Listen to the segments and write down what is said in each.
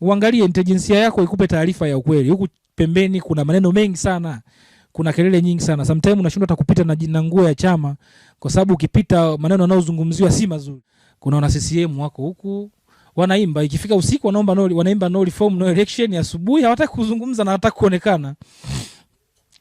uangalie intelijensia yako ikupe taarifa ya ukweli. Huku pembeni kuna maneno mengi sana, kuna kelele nyingi sana. Sometimes unashindwa hata kupita na, jina nguo ya chama, kwa sababu ukipita maneno yanayozungumziwa si mazuri. Kuna wana CCM wako huku wanaimba, ikifika usiku wanaomba no, wanaimba no reform no election. Asubuhi hawataki kuzungumza na hawataki kuonekana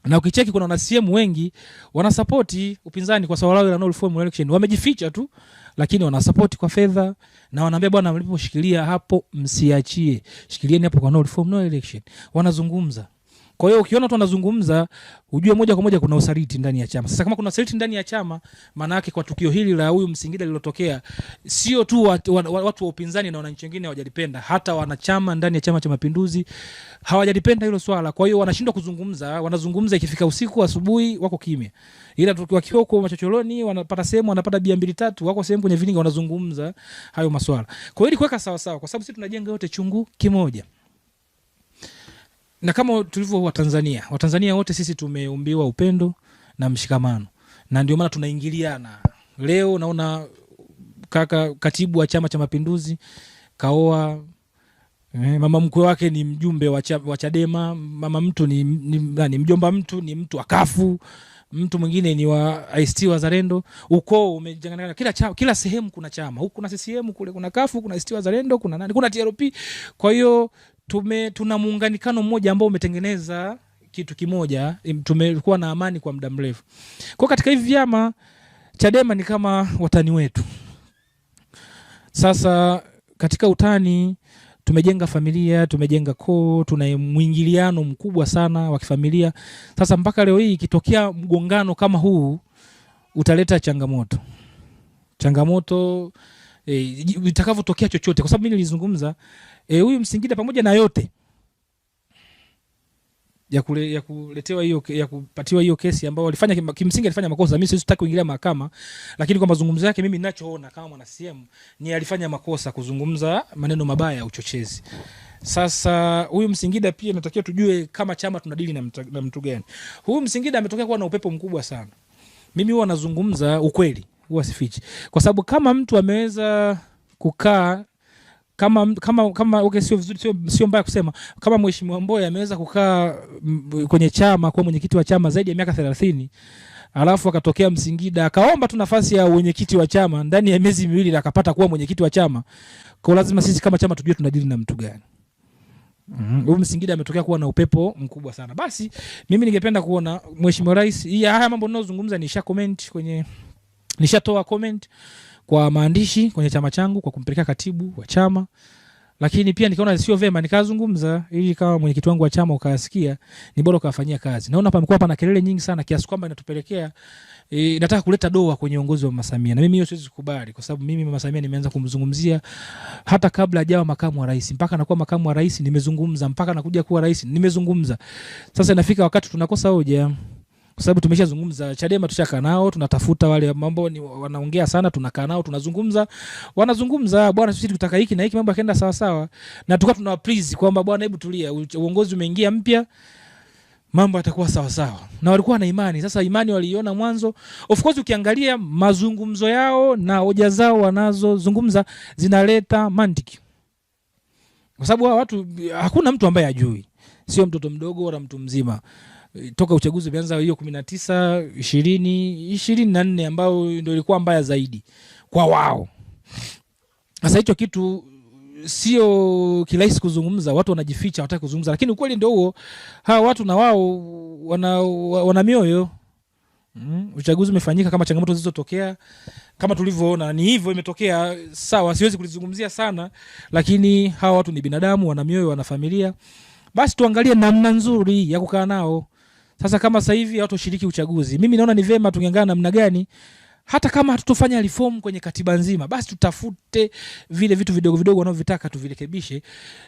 na ukicheki kuna wana CCM wengi wanasapoti upinzani kwa swala la no reform no election, wamejificha tu lakini wanasapoti kwa fedha na wanaambia bwana, mliposhikilia hapo msiachie, shikilieni hapo kwa no reform no election. Wanazungumza kwa hiyo ukiona watu wanazungumza, ujue moja kwa moja kuna usaliti ndani ya chama. Sasa kama kuna usaliti ndani ya chama, maana yake kwa tukio hili la huyu Msingida lilotokea, sio tu watu, watu wa upinzani na wananchi wengine hawajalipenda, hata wanachama ndani ya Chama cha Mapinduzi hawajalipenda hilo swala. Kwa hiyo wanashindwa kuzungumza, wanazungumza ikifika usiku, asubuhi wako kimya, ila wakiwa huko machocholoni wanapata sehemu, wanapata bia mbili tatu, wako sehemu kwenye vilinga wanazungumza hayo maswala. Kwa hiyo ili kuweka sawasawa, kwa sababu sisi tunajenga yote chungu kimoja na kama tulivyo Watanzania, Watanzania wote sisi tumeumbiwa upendo na mshikamano, na ndio maana tunaingiliana. Leo naona kaka katibu wa Chama cha Mapinduzi kaoa eh, mama mkwe wake ni mjumbe wa Chadema, mama mtu ni, ni, ni, mjomba mtu ni mtu akafu mtu mwingine ni wa ICT Wazalendo, ukoo umejanganyika, kila chama, kila sehemu kuna chama, huku kuna CCM kule, kuna kafu, kuna ICT Wazalendo, kuna nani, kuna trp Kwa hiyo tume tuna muunganikano mmoja ambao umetengeneza kitu kimoja, tumekuwa na amani kwa muda mrefu. Kwa katika hivi vyama Chadema ni kama watani wetu. Sasa katika utani tumejenga familia, tumejenga koo, tuna mwingiliano mkubwa sana wa kifamilia. Sasa mpaka leo hii ikitokea mgongano kama huu utaleta changamoto, changamoto e, eh, itakavyotokea chochote, kwa sababu mimi nilizungumza e, huyu Msingida pamoja na yote ya, kule, ya kuletewa hiyo ya kupatiwa hiyo kesi ambayo alifanya kimsingi alifanya makosa. Mimi sitaki kuingilia mahakama, lakini kwa mazungumzo yake mimi ninachoona kama mwana CCM ni alifanya makosa kuzungumza maneno mabaya ya uchochezi. Sasa huyu Msingida pia natakiwa tujue kama chama tunadili na, na mtu gani. Huyu Msingida ametokea kuwa na upepo mkubwa sana. Mimi huwa nazungumza ukweli, huwa sifichi, kwa sababu kama mtu ameweza kukaa kama kama kama okay, sio vizuri, sio sio mbaya kusema kama mheshimiwa Mboya ameweza kukaa mm, kwenye chama kuwa mwenyekiti wa chama zaidi ya miaka thelathini alafu akatokea Msingida akaomba tu nafasi ya mwenyekiti wa chama ndani ya miezi miwili akapata kuwa mwenyekiti wa chama. Kwa lazima sisi kama chama tujue tunadili na mtu gani. Mm -hmm. Msingida ametokea kuwa na upepo mkubwa sana. Basi mimi ningependa kuona mheshimiwa rais, haya mambo ninayozungumza nisha comment kwenye nishatoa comment kwa maandishi kwenye chama changu kwa kumpelekea katibu wa chama, lakini pia nikaona sio vema nikazungumza, ili kama mwenyekiti wangu wa chama ukasikia, ni bora ukawafanyia kazi. Naona hapa mkoa pana kelele nyingi sana kiasi kwamba inatupelekea e, nataka kuleta doa kwenye uongozi wa Mama Samia, na mimi hiyo siwezi kukubali, kwa sababu mimi Mama Samia nimeanza kumzungumzia hata kabla hajawa makamu wa rais, mpaka anakuwa makamu wa rais nimezungumza, mpaka anakuja kuwa rais nimezungumza. Sasa inafika wakati tunakosa hoja kwa sababu tumeshazungumza Chadema, tushakaa nao, tunatafuta wale mambo ni wanaongea sana, tunakaa nao tunazungumza, wanazungumza bwana, sisi tutaka hiki na hiki, mambo yakaenda sawa sawa, na tukawa tuna please kwamba bwana, hebu tulia, uongozi umeingia mpya mambo yatakuwa sawa sawa, na walikuwa na imani. Sasa imani waliiona mwanzo. Of course ukiangalia mazungumzo yao na hoja zao wanazozungumza zinaleta mantiki, kwa sababu hawa watu hakuna mtu ambaye ajui, sio mtoto mdogo wala mtu mzima toka uchaguzi umeanza hiyo kumi na tisa ishirini ishirini na nne ambayo ndio ilikuwa mbaya zaidi kwa wao. Sasa hicho kitu sio kirahisi kuzungumza, watu wanajificha, hawataki kuzungumza, lakini ukweli ndio huo. Hawa watu na wao wana, wana mioyo Mm, uchaguzi umefanyika kama changamoto zilizotokea kama tulivyoona ni hivyo imetokea. Sawa, siwezi kulizungumzia sana, lakini hawa watu ni binadamu, wana mioyo, wana familia. Basi tuangalie namna nzuri ya kukaa nao. Sasa kama sasa hivi watu washiriki uchaguzi, mimi naona ni vema tungeangana namna gani hata kama hatutofanya reform kwenye katiba nzima, basi tutafute vile vitu vidogo vidogo wanavyotaka tuvirekebishe.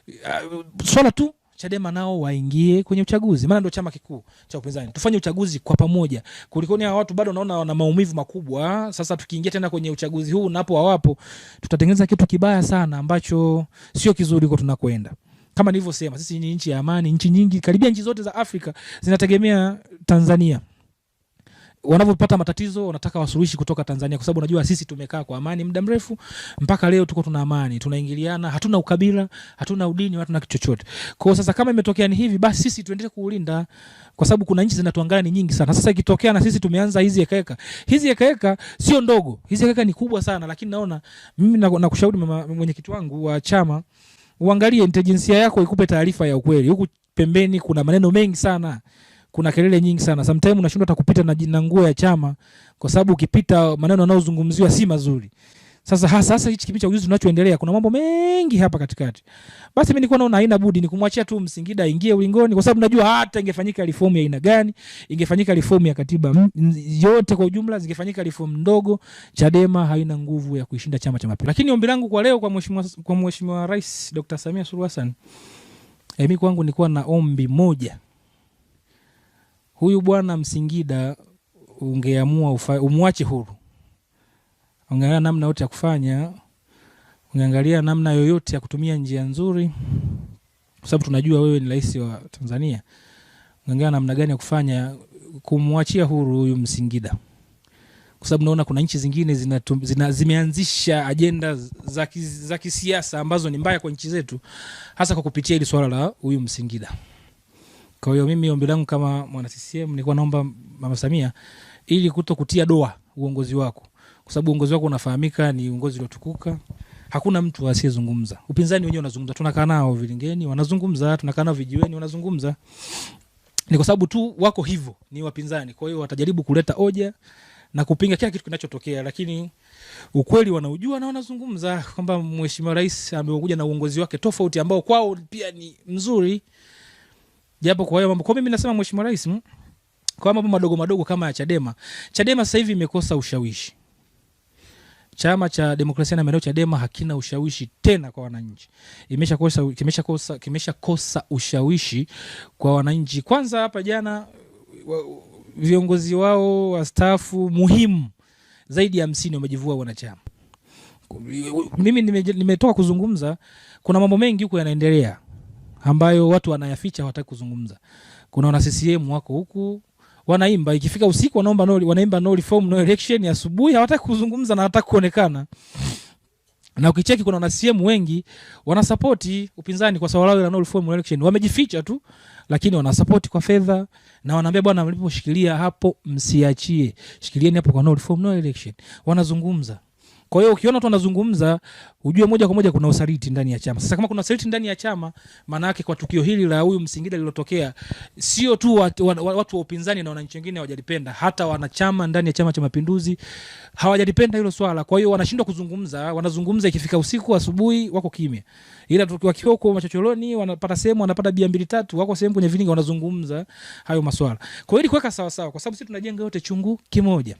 Uh, swala tu Chadema nao waingie kwenye uchaguzi, maana ndio chama kikuu cha upinzani. Tufanye uchaguzi kwa pamoja, kulikoni hawa watu bado naona wana maumivu makubwa. Ah? Sasa tukiingia tena kwenye uchaguzi huu napo hawapo, tutatengeneza kitu kibaya sana ambacho sio kizuri kwa tunakoenda kama nilivyosema, sisi ni nchi ya amani. Nchi nyingi, karibia nchi zote za Afrika zinategemea Tanzania wanavyopata matatizo wanataka wasuluhishi kutoka Tanzania kwa sababu unajua sisi tumekaa kwa amani muda mrefu, mpaka leo tuko tuna amani, tunaingiliana, hatuna ukabila, hatuna udini, hatuna kitu chochote. Kwa sasa, kama imetokea ni hivi, basi sisi tuendelee kuulinda, kwa sababu kuna nchi zinatuangalia ni nyingi sana. Sasa ikitokea na sisi tumeanza hizi hekaheka, hizi hekaheka sio ndogo, hizi hekaheka ni kubwa sana, lakini naona mimi nakushauri na mwenyekiti wangu wa chama uangalie intelijensia yako ikupe taarifa ya ukweli. Huku pembeni kuna maneno mengi sana, kuna kelele nyingi sana. Sometimes unashindwa hata kupita na, na nguo ya chama, kwa sababu ukipita maneno yanayozungumziwa si mazuri. Sasa hasa hasa hichi kipindi cha ujuzi tunachoendelea kuna mambo mengi hapa katikati. Basi mimi nilikuwa naona haina budi ni kumwachia tu Msingida aingie ulingoni kwa sababu najua hata ingefanyika reformu ya aina gani, ingefanyika reformu ya katiba yote kwa ujumla, zingefanyika reformu ndogo, Chadema haina nguvu ya kuishinda Chama cha Mapinduzi. Lakini ombi langu kwa leo kwa mheshimiwa kwa Mheshimiwa Rais Dr. Samia Suluhu Hassan, eh, mimi kwangu nilikuwa na ombi moja. Huyu bwana Msingida ungeamua umwache huru ungeangalia namna yote ya kufanya, ungeangalia namna yoyote ya kutumia njia nzuri, kwa sababu tunajua wewe ni rais wa Tanzania. Ungeangalia namna gani ya kufanya kumwachia huru huyu Msingida, kwa sababu naona kuna nchi zingine zina, zina, zimeanzisha ajenda za, za kisiasa ambazo ni mbaya kwa nchi zetu, hasa kwa kupitia hili swala la huyu Msingida. Kwa hiyo mimi ombi langu kama mwana CCM nilikuwa naomba Mama Samia ili kuto kutia doa uongozi wako kwa sababu uongozi wako unafahamika, ni uongozi uliotukuka. Hakuna mtu asiyezungumza. Upinzani wenyewe unazungumza, tunakaa nao vilingeni wanazungumza, tunakaa nao vijiweni wanazungumza. Ni kwa sababu tu wako hivyo, ni wapinzani, kwa hiyo watajaribu kuleta hoja na kupinga kila kitu kinachotokea, lakini ukweli wanaujua na wanazungumza kwamba Mheshimiwa Rais amekuja na uongozi wake tofauti ambao kwao pia ni mzuri, japo kwa hiyo mambo kwa mimi nasema Mheshimiwa Rais hmm, kwa mambo madogo madogo kama ya Chadema. Chadema sasa hivi imekosa ushawishi Chama cha Demokrasia na Maendeleo, Chadema, hakina ushawishi tena kwa wananchi, imeshakosa kimeshakosa kimeshakosa ushawishi kwa wananchi. Kwanza hapa jana viongozi wao wastaafu muhimu zaidi ya hamsini wamejivua wanachama. Mimi nimetoka kuzungumza, kuna mambo mengi huko yanaendelea ambayo watu wanayaficha, hawataki kuzungumza. Kuna wana CCM wako huku wanaimba, ikifika usiku wanaomba no, wanaimba no reform no election. Asubuhi hawataki kuzungumza na hawataki kuonekana na ukicheki kuna CM wengi wanasapoti upinzani kwa sababu la no reform election, wamejificha tu, lakini wanasapoti kwa fedha na wanaambia bwana, mliposhikilia hapo msiachie, shikilieni hapo kwa no reform no election. Wanazungumza kwa hiyo ukiona watu wanazungumza, ujue moja kwa moja kuna usaliti ndani ya chama. Sasa kama kuna usaliti ndani ya chama, maana yake kwa tukio hili la huyu Msingida lilotokea, sio tu watu, watu wa upinzani na wananchi wengine hawajalipenda, hata wanachama ndani ya Chama cha Mapinduzi hawajalipenda hilo swala. Kwa hiyo wanashindwa kuzungumza, wanazungumza ikifika usiku, asubuhi wako kimya, ila wakiwa huko machocholoni wanapata sehemu, wanapata bia mbili tatu, wako sehemu kwenye vilinga wanazungumza hayo maswala. Kwa hiyo ili kuweka sawasawa, kwa sababu sisi tunajenga yote chungu kimoja.